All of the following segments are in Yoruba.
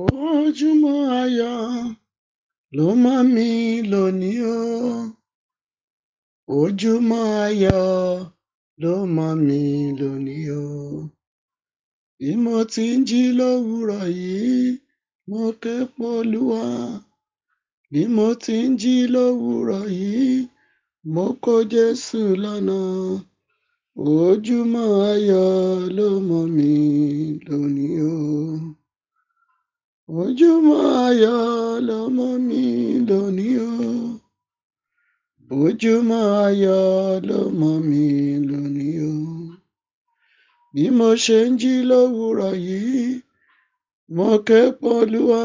Ojúmọ́ ayọ̀ ló mọ́ mi lónìí o. Ojúmọ́ ayọ̀ ló mọ́ mi lónìí o. Bí mo ti ń jí l'òwúrọ̀ yìí, mo ké p'Olúwa. Bí mo ti ń jí l'òwúrọ̀ yìí, mo kó Jésù lọ́nà. Ojúmọ́ ayọ̀ ló mọ́ mi lónìí. Ojúmọ́ ayọ̀ lọmọ mi lónìí o. Ojúmọ́ ayọ̀ lọmọ mi lónìí o. Bí mo ṣe ń jí lówùúrọ̀ yìí, mo ké p'Olúwa.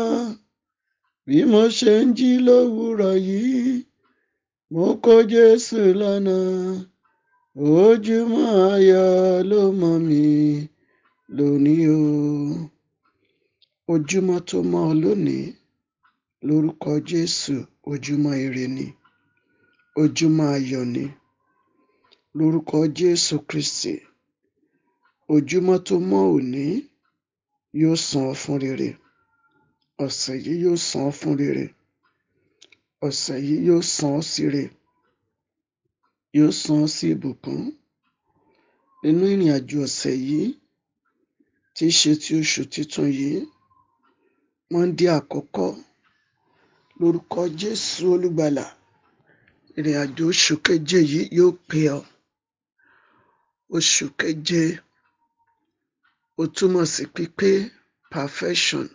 Bí mo ṣe ń jí lówùúrọ̀ yìí, mo kó Jésù lọ́nà. Ojúmọ́ ayọ̀ lọmọ mi lónìí o ojúmọ́ tó mọ́ lónìí lórúkọ Jésù ojúmọ́ ire ni ojúmọ́ ayọ̀ ni lórúkọ Jésù Kristi ojúmọ́ tó mọ́ òní yóò san ọ́ fún rere ọ̀sẹ̀ yìí yóò san ọ́ fún rere ọ̀sẹ̀ yìí yóò san ọ́ sí re yóò san ọ́ sí ìbùkún nínú ìrìn àjò yìí tí í ṣe ti oṣù titun yìí monde àkọ́kọ́ lórúkọ Jésù Olùgbàlà ìrìn àjò oṣù keje yìí yóò pé ọ oṣù keje ó túmọ̀ sí pípé perfection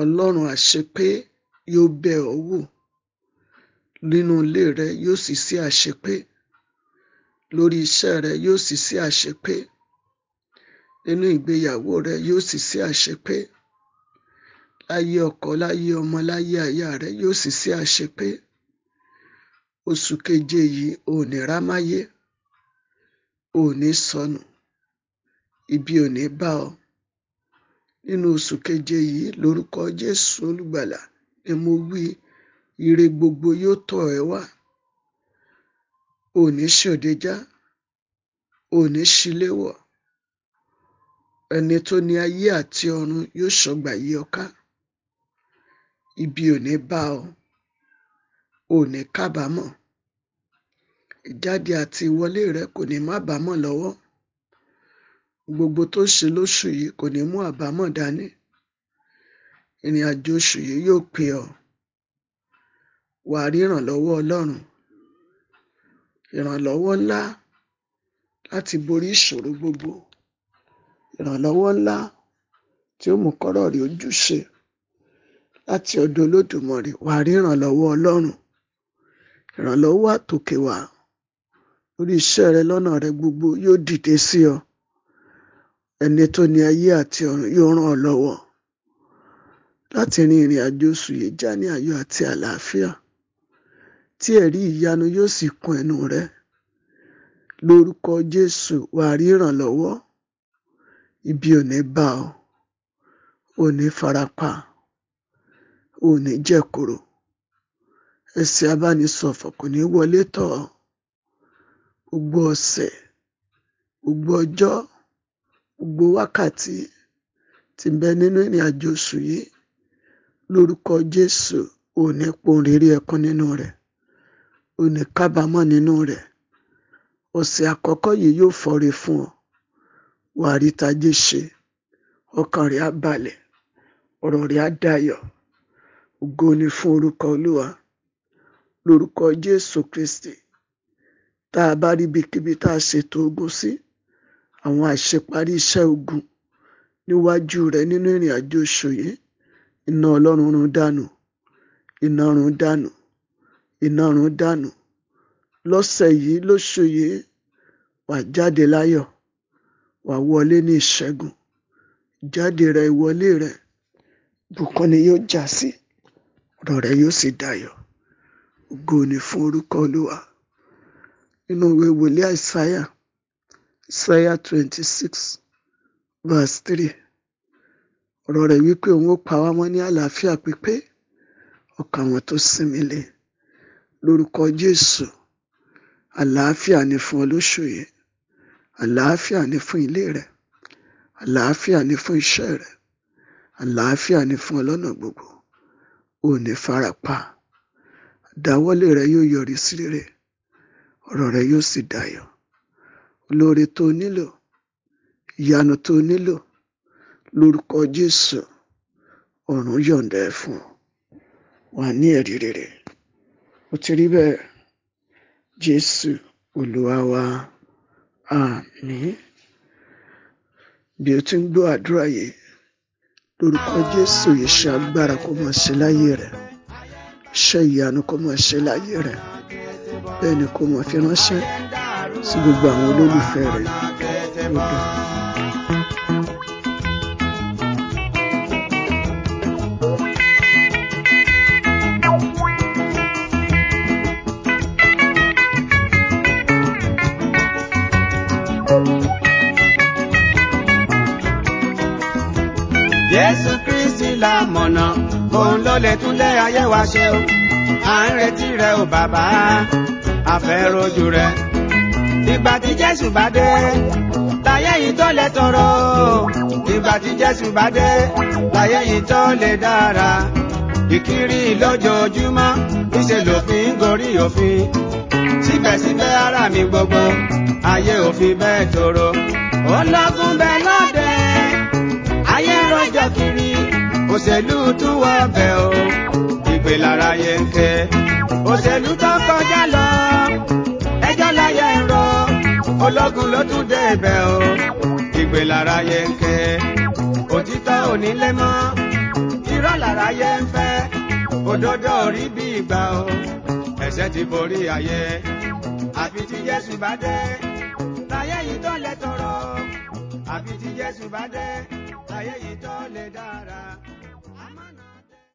Ọlọ́run àṣepé yóò bẹ̀ ọ́ wò nínú ilé rẹ yóò sì sí àṣepé lórí iṣẹ́ rẹ yóò sì sí àṣepé nínú ìgbéyàwó rẹ yóò sì sí àṣepé láyé ọkọ láyé ọmọ láyé aya rẹ yóò sì sí àṣepé oṣù keje yìí ò rámáyé ò sọnù ibi ò ní bá ọ nínú oṣù keje yìí lórúkọ Jésù olùgbàlà ni mo wí ire gbogbo yóò tọ̀ ẹ́ wá ò ṣòdejá ò ní ẹni tó ní ayé àti ọ̀run yóò ṣọgbà yí ọ ibi ò ní bá ọ ò ní kábàámọ̀ ìjáde àti ìwọlé rẹ kò ní má bàámọ̀ lọ́wọ́ gbogbo tó ṣe lóṣù yìí kò ní mú àbámọ̀ dání ìrìn àjò oṣù yìí yóò pé ọ wà á rí ìrànlọ́wọ́ ńlá láti borí ìṣòro gbogbo ìrànlọ́wọ́ ńlá tí ó mú kọ́rọ̀ rẹ ó láti ọ̀dọ̀ olódùmarè wàá rí ìrànlọ́wọ́ ọlọ́run ìrànlọ́wọ́ àtòkè wá lórí iṣẹ́ rẹ lọ́nà rẹ gbogbo yóò dìde sí ọ ẹni tó ní ayé àti ọ̀run yóò ràn ọ́ lọ́wọ́ láti rin ìrìn àjò oṣù yìí já ní ayọ̀ àti àlàáfíà tí ẹ̀rí ìyanu yóò sì kún ẹnu rẹ lórúkọ Jésù wàá rí ibi ò ní bá ọ ò ní farapa. ò ní jẹ koro ẹsẹ̀ abánisọ̀fọ̀ kò ní wọlé tọ̀ ọ́ gbogbo ọ̀sẹ̀ gbogbo ọjọ́ gbogbo wákàtí ti bẹ nínú ìrìn àjò oṣù yìí lórúkọ Jésù ò ní ẹkún nínú ò ní nínú ọ wàá rí tajé ṣe ọkàn rẹ á rẹ á ògo ni fún orúkọ olúwa lórúkọ jésù kristi tá a bá ríbi kíbi tá a ṣètò ogun sí àwọn àṣeparí iṣẹ́ ogun níwájú rẹ nínú ìrìn àjò ṣòye iná ọlọ́run run dànù iná run dànù iná run dànù lọ́sẹ̀ yìí lóṣù yìí wàá jáde láyọ̀ wàá wọlé ní ìṣẹ́gun jáde rẹ ìwọlé rẹ bùkún ni yóò já sí ọ̀rọ̀ rẹ yóò sì dayọ̀ ògo ni fún orúkọ olúwa nínú ìwé wòlíì àìsáyà àìsáyà twenty six verse three ọ̀rọ̀ rẹ̀ wípé òun ó pa wá mọ́ ní àlàáfíà pípé ọkàn àwọn tó sinmi lé lórúkọ jésù àlàáfíà ni fún olóṣù àlàáfíà ni fún ilé rẹ àlàáfíà ni fún iṣẹ́ rẹ àlàáfíà ni fún ọlọ́nà gbogbo ò ní fara pa àdáwọ́lé rẹ yóò yọrí sí rere ọ̀rọ̀ rẹ yóò sì dayọ̀ olóore tó nílò ìyanu tó nílò lórúkọ Jésù ọ̀run yọ̀ǹda ẹ̀ fún wa ní ẹ̀rí rere ó ti rí bẹ́ẹ̀ Jésù Olúwa wa àmín bí o ti ń gbọ́ àdúrà yìí lórúkọ jésù iṣẹ́ agbára kó máa ṣe láyé rẹ̀ iṣẹ́ ìyanu kó máa ṣe láyé rẹ̀ bẹ́ẹ̀ ni kó máa fi ránṣẹ́ sí gbogbo àwọn olólùfẹ́ rẹ̀ lọ́dọ̀. ìwọ lè túnlẹ̀ ayé wa ṣe o à ń retí rẹ o bàbá àfẹ́rojú rẹ ìgbà tí Jésù bá dé láyé yìí tó lè tọrọ ìgbà tí Jésù bá dé láyé yìí tó lè dára ìkiri lójoojúmọ́ níṣẹ́ lòfin gorí òfin síbẹ̀síbẹ̀ ara mi gbogbo ayé òfin bẹ́ẹ̀ tòrò ó lọ́gùn bẹ́ẹ̀ lọ́. òṣèlú tún wà bẹ́ o ìpè lára yẹ ń fẹ́ òṣèlú tó kọjá lọ ẹjọ́ láyé ń rọ ológun ló tún dé ibẹ̀ o ìpè lára yẹ ń kẹ́ òtítọ́ onílé mọ́ irọ́ lára yẹ ń fẹ́ òdodo orí bí ìgbà o ẹ̀ṣẹ̀ ti borí ayé àfi tí Jésù bá dé láyé yìí tó lè tọrọ àfi tí Jésù bá dé láyé yìí tó lè dára.